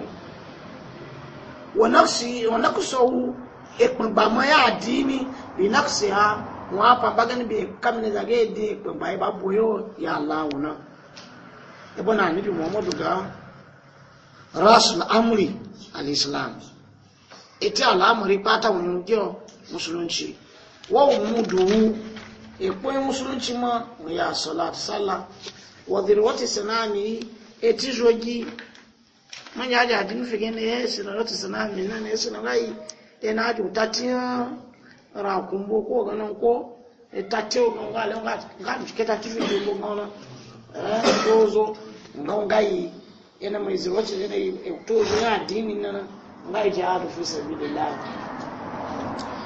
wa nafsi wa naqsahu e kun ba ma ya dini, bi naqsiha wa fa bagani bi kamne da ge di kun ba ba boyo ya Allah na ibn anabi muhammadu ga rasul amri al-islam ita al'amari fata wani gina musulunci wawon mu duhu ikpoyin musulunci ma mu ya salat salla wa zirwati sanani eti jogi man ya jadi nufi gina ya sinarwati sanani nan ya sinarai ya na ji wuta tiya rakumbo ko ganin ko ta ce o kan gale ga jike ta tifi ke ko gana eh dozo ngon gayi yana mai zirwati ne to ya dinin nana. ngai jihadu fi sabilillah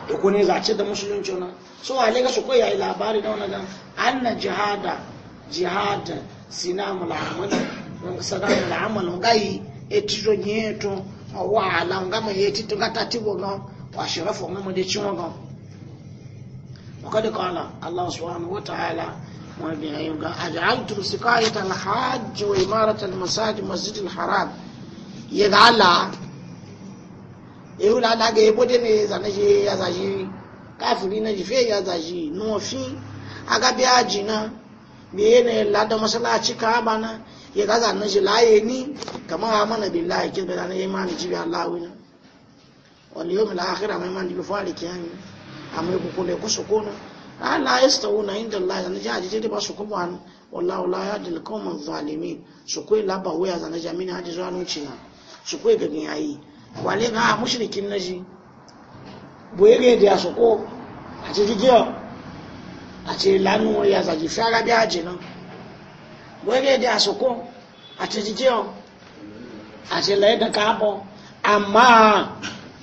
to ko zace da musulunci na so wale ga su ko yayi labari da wannan anna jihada jihada sinamul amal sinamul amal ngai etiro nyeto wa ala ngama yeti to gata no wa sharafu ngama de chungo وقد قال الله سبحانه وتعالى wa سقاية الحاج وإمارة المساجد مسجد الحرام يجعلها ewu na adaga ebo de ne zana ya zashi kafiri na jife ya zashi nufi aga biya jina biye ne lada masalaci ka ba na ya gaza na shi laye ni kamar ha mana billahi kin da na imani jibi Allah wina wal yawm al akhir amma imani bi fari kiyami amma ku kule ku su kona ala yastawuna inda Allah zana jaji je ba su kuma wallahu la yadil qawman zalimin su kai e laba waya zana jamina haji zuwa nuci na su kai e gagin yayi wale ga mushrikin na shi boye ga da su ko a ce gigiyo a ce lanu ya zagi fara da haji nan boye ga da su ko a ce gigiyo a ce laye da kabo amma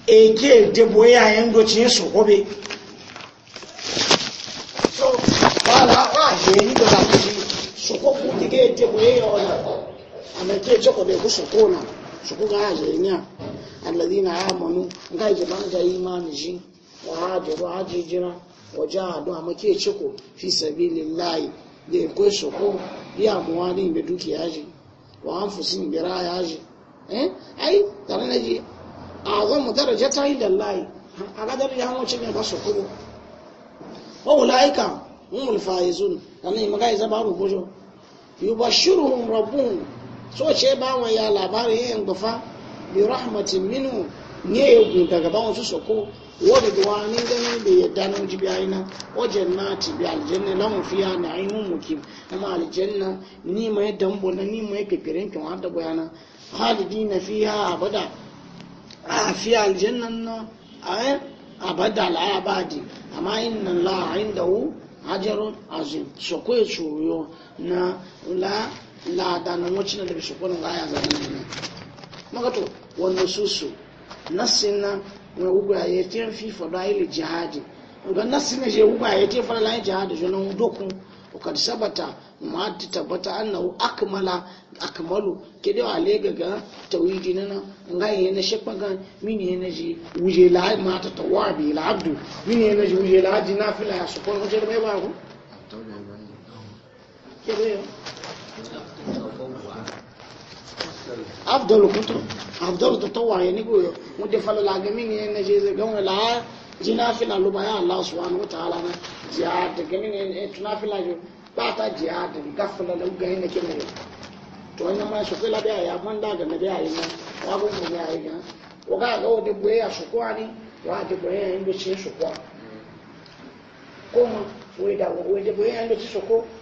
eke de boye a yan doci su gobe so ba la ba je ni da zafi su e ya wala amma na su ko ga je ni alladhina amanu ngai jama'a da imani ji wa hajaru hajijira wa jahadu amma ke ciko fi sabilillahi da ko su ko ya muwani me dukiya ji wa anfusin bira ya ji eh ai tare na ji a'zamu darajata ila Allah aga daraja hawo ce me ba su ko wa ulaika humul faizun kana magai zabaru bojo bi minu ne ya yi daga gaban wasu soko wani duwa ni ganin da ya dano ji biya ina wajen na ci biya aljanna mu fiya na ainihin mukim amma aljanna ni mai dambo na ni kekere nke wa ta bayana halidi na fiya abada a fiya aljanna na a abada al'abadi amma inna la inda hu hajarun azim soko ya tsoro na la la da na wacce na daga soko na gaya zanen nan magato wannan susu nasin na wani ugwa ya ce fi fada ile jihadi ga nasin na je ugwa ya ce fada lai jihadi shi nan dokun ukad sabata ma ta tabbata annahu akamala akamalu ke da wale gaga tawhidi nana yi na shepa ga mini na ji wuje la ma ta tawabi la abdu mini na ji wuje la na fila ya sukon wajen mai ba ku ke Abdul kutu afdal tatawa ya ni goyo mudde la gami ne na je ze gawo la jina lu ya allah subhanahu wa ta'ala na jihad da gami ne eh, tuna fila jo ba ta jihad gafala da ga ne ke ne to wannan ma shi da ya man da ga na wa go mu ya yi ga wa ga ga de ya shukwa ni wa de ya ndo shi shukwa ko mu we da we de boye ya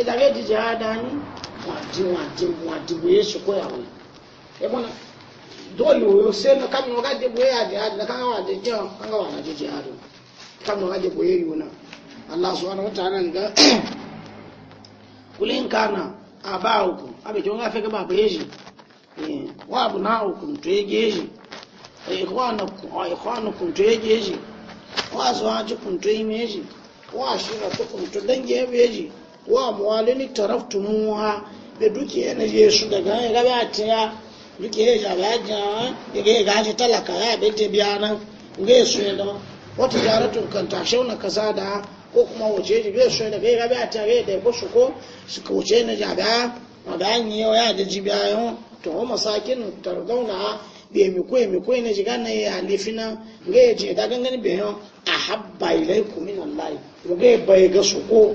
ezake dije adani mwadi mwadi mwadi buye soko yawe ebona dole uyo sena kama wakati buye ade ade kama wade ga kama wana jije ado kama wakati buye yuna Allah subhanahu wa ta'ala nga *clears throat* kulin kana abaukum abe jonga feke baba yeji wa abnaukum twegeji ikhwanukum ikhwanukum twegeji wa wa wa amwalin taraftumuha be duke na je su daga ya gaba tiya duke ya ba ga ya ga shi talaka ya be te biya nan ga su ne da wata jaratu kan ta shauna kaza da ko kuma wace ji be su ga ya gaba tiya ga da su ko su ka wace na ja A ma da an yi ya da ji biya yo to ho masakin tarzauna be mi ko mi ko ne ji ga na ya lifina ga ya je da gangan be yo ahabba ilaikum min allahi ga bai ga su ko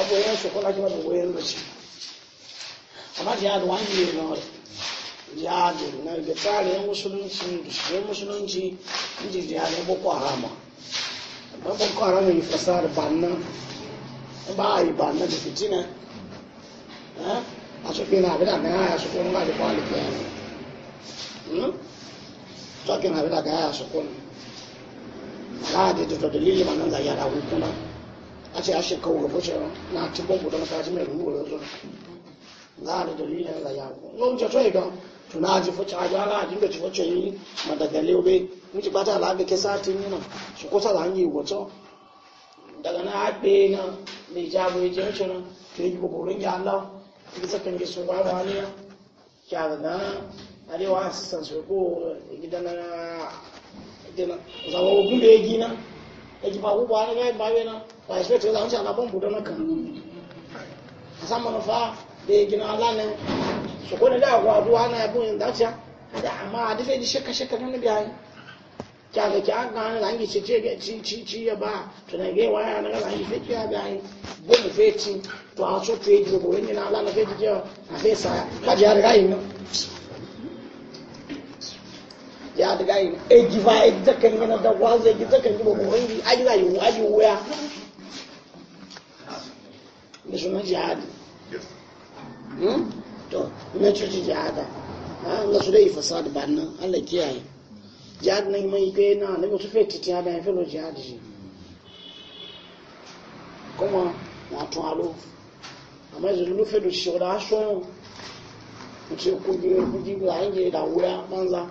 ọbọ yẹn sọkọ láti wọn wọ yẹn lọsí àmàtí àdùn wọn yìí lọ ìyá àdùn náà ìgbẹ táàrí ẹ mùsùlùmí ìdùsùlùmí mùsùlùmí ìdí ìdí àdùn boko haram àmà boko haram yi fasa banna ẹbá ìbànú ti fìtí nà ẹ asòfin na àbílà gàá asòfin nígbà tí wọn lè fẹ ẹ tọkì náà àbílà gàá asòfin náà láàdì tuntun tó lílì màá nà ń zàyàrá wípé náà. a ce a kawo ga a, na tibon ku da mai rumu da zuwa za da dalilin da ya ku ce tsoye don tuna ji fashe a gyara a dinga ci fashe yi madagale obe in ci bata alaƙa ke sati yana su kusa da hanyar wato daga na haɗe na mai jabo ya jiyan shirin to yi kokorin ya allah bisa kan ji sun gwaba wani ya kya da arewa asistan su ko gidan na zama ogun da ya gina ya ji ba ku ba na ba na wa shi ta zanci ala bon budo naka asan mana da be gina ala ne su ko ne da wa duwa na bu in da cha da amma da sai di shakka shakka nan bi ai kya ga kya ga na zangi ci ci ci ci ya ba to na ge wa ya na zangi fe kya ga ai bo mu fe to a so fe di bo ne na ala na fe di je a fe sa ka ja ga ai no ya daga yin ejiva ejizakan yana da wazo ejizakan yi ba ko hangi yi ajiwuya da sunan jihadi to na cuci jihada Allah su dai fasad ba nan Allah kiyaye jihad nan mai kai na na mutu fe titi hada ya filo shi kuma na tun alo amma yanzu lufe da shi da aso mutu kuji kuji ga hange da wuya banza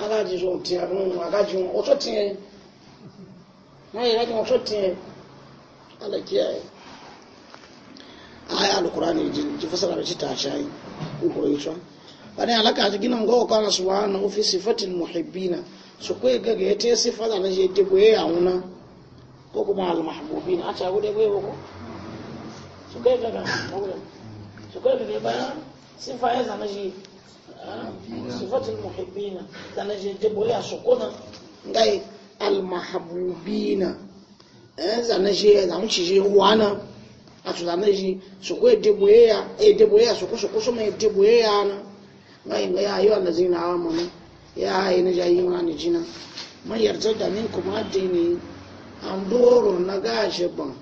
ala ji so ti abun aga ji o so ti e mai ga ji o so ti Allah kiyaye aya alkurani ji fasara ci ta shayi goyi tun bani alaka ji ginan go ko Allah subhanahu fi sifatin muhibbina su ko ga ga te sifa da na je te goye a ko kuma mahbubin a ta gode boye ko su ga ga su kai gaga bayan sifa ya zana ji sifatin muhibbina na je te goye a su na ngai almahbubina eh, zana je zana shi je wana atuzana ji soko edebo eya edebo eya soko soko soma edebo eya na ngai ngai ayo alazina amanu ya ayi ja yi ma ni jina Ma yarda da min kuma dini an doro na gashe ban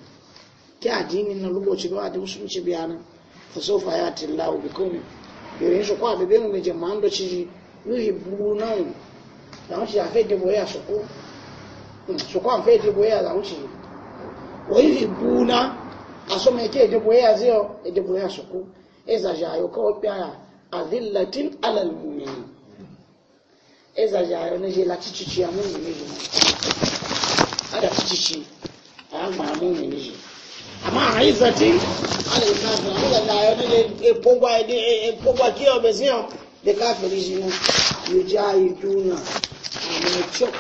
ki dini na lokaci ba da musulunci biyana fa sofa ya tillahu bi kome yorin soko abebe mu me jama'an da ci yuhi buru nan da wuce a fai edebo eya soko hmm, soko an fai edebo eya da wuce wa yuhi buru na asome yake ejebu ya zio ya suku eza jayo ko pya azillatin alal mu'minin eza jayo ne je la chichichi ya mu'minin ada chichichi ama mu'minin je ama izzatin alal kafir ala la yo ne e pogwa e pogwa ki o de kafir jinu yujayi duna ama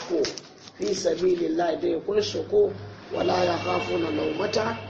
fi sabilillah de kulshuku wala yakhafuna lawmata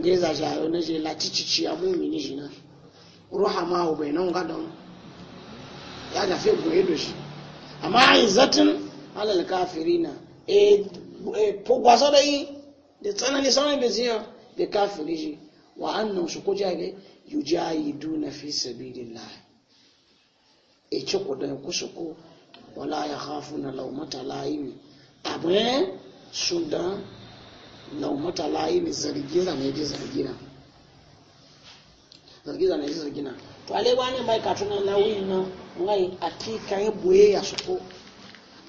nge za shi ayo na je lati a ya mumini shi na ruha ma hu bai nan ga don ya ga fe goye do shi amma ai zatin alal na e, e po da yi da tsanani sanin bai ziyan da kafiri ji wa nan su ko jage na fi la e ci ku kusa ko wala ya na laumata laimi abin sudan na mota layi mai zargi-zane da zargina zargi na da zargina to ale ba ne mai katuna lawin na wai akika ya boye ya suko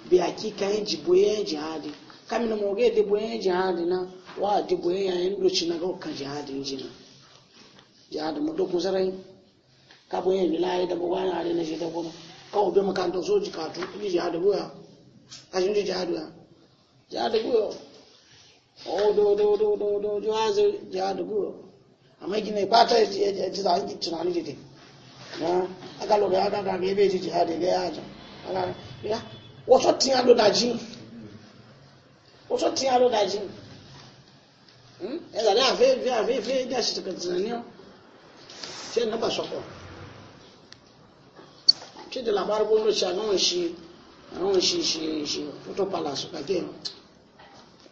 bi akika ya ji boye ya jihadi kami na moge da boye ya jihadi na wa da boye ya yi doci na gauka jihadi jina jihadi mu dokun sarai ka boye layi da bugu na are na shi da goma kawo bai makaranta soji katu ni jihadi boya a shi jihadi boya jihadi boya odododododo hazo jihadu guro a ga ya fe fe sai ka ke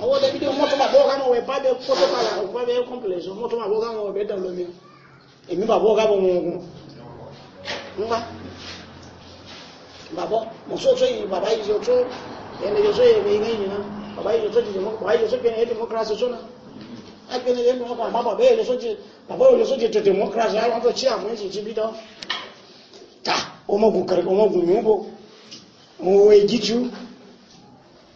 àwọn ọdẹ bídé mọ́tò bàbá ọ̀gá wọn bá bẹ kótó kàlà ọ̀gbọ́n bẹ kọ́mpìlẹ̀sì mọ́tò bàbá ọ̀gá wọn bẹ dàn lómi èmi bàbá ọ̀gá bọ̀ wọn ogun ńgbà bàbá mọ̀sọ́tọ́ yìí bàbá yìí tó ẹni yóò tó yẹ bẹ ilé yìí náà bàbá yìí tó jìjì bàbá yìí tó bẹ̀rẹ̀ democracy tó náà ẹgbẹ̀rẹ̀ yẹn mọ̀ bàbá bàbá yìí tó jì bàbá yìí tó jì tó democracy àwọn tó chí àwọn èsì ti bí dán ta ọmọgùn kẹrẹkẹ ọmọgùn yìí ń bọ̀ òun wo èjì jù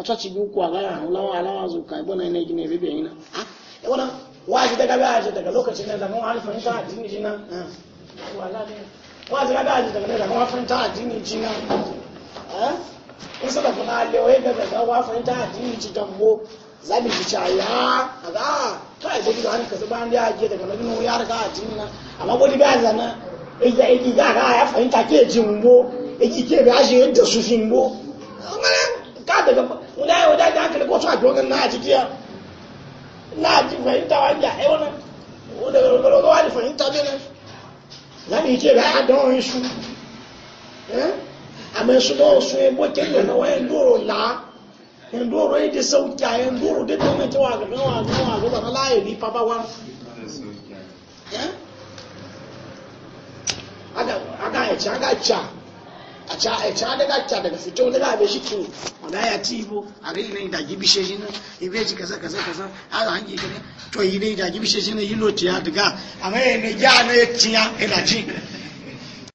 atwa chibi uku agaya ulawa alawa zuka ibona ina gine bebe ina ibona waji daga baji daga lokacin da mun alfa ita addini jina wala ne waji daga baji daga daga mun alfa ita addini jina eh in sada kuna lewaye daga daga wa fa ita addini ji dambo zabi ji chaya aga kai godi da hanka zuban ya je daga nan ya riga addini na amma godi ba zana ija iki ga ga ya fa ita ke jimbo iki ke ba shi yadda su jimbo ka daga wanda ya wada da hankali ko sa jogan na ji na ji fahimta wa ya ai wannan wanda ga wani fahimta ne ne na ni ce ga don su eh amma su do su e bo ke na wa ndoro la ndoro e de sauki ay ndoro de don ta wa ga wa ga wa ga la e ni papa wa eh aga aga e cha aga cha a ca a ca daga ca daga fito daga abe shi ko wala ya ti bo a ga ina da gibi she shi na ibe ji kaza kaza kaza a ga hangi gane to ina da gibi she shi na yilo tiya daga amma ne ya na ya ina ji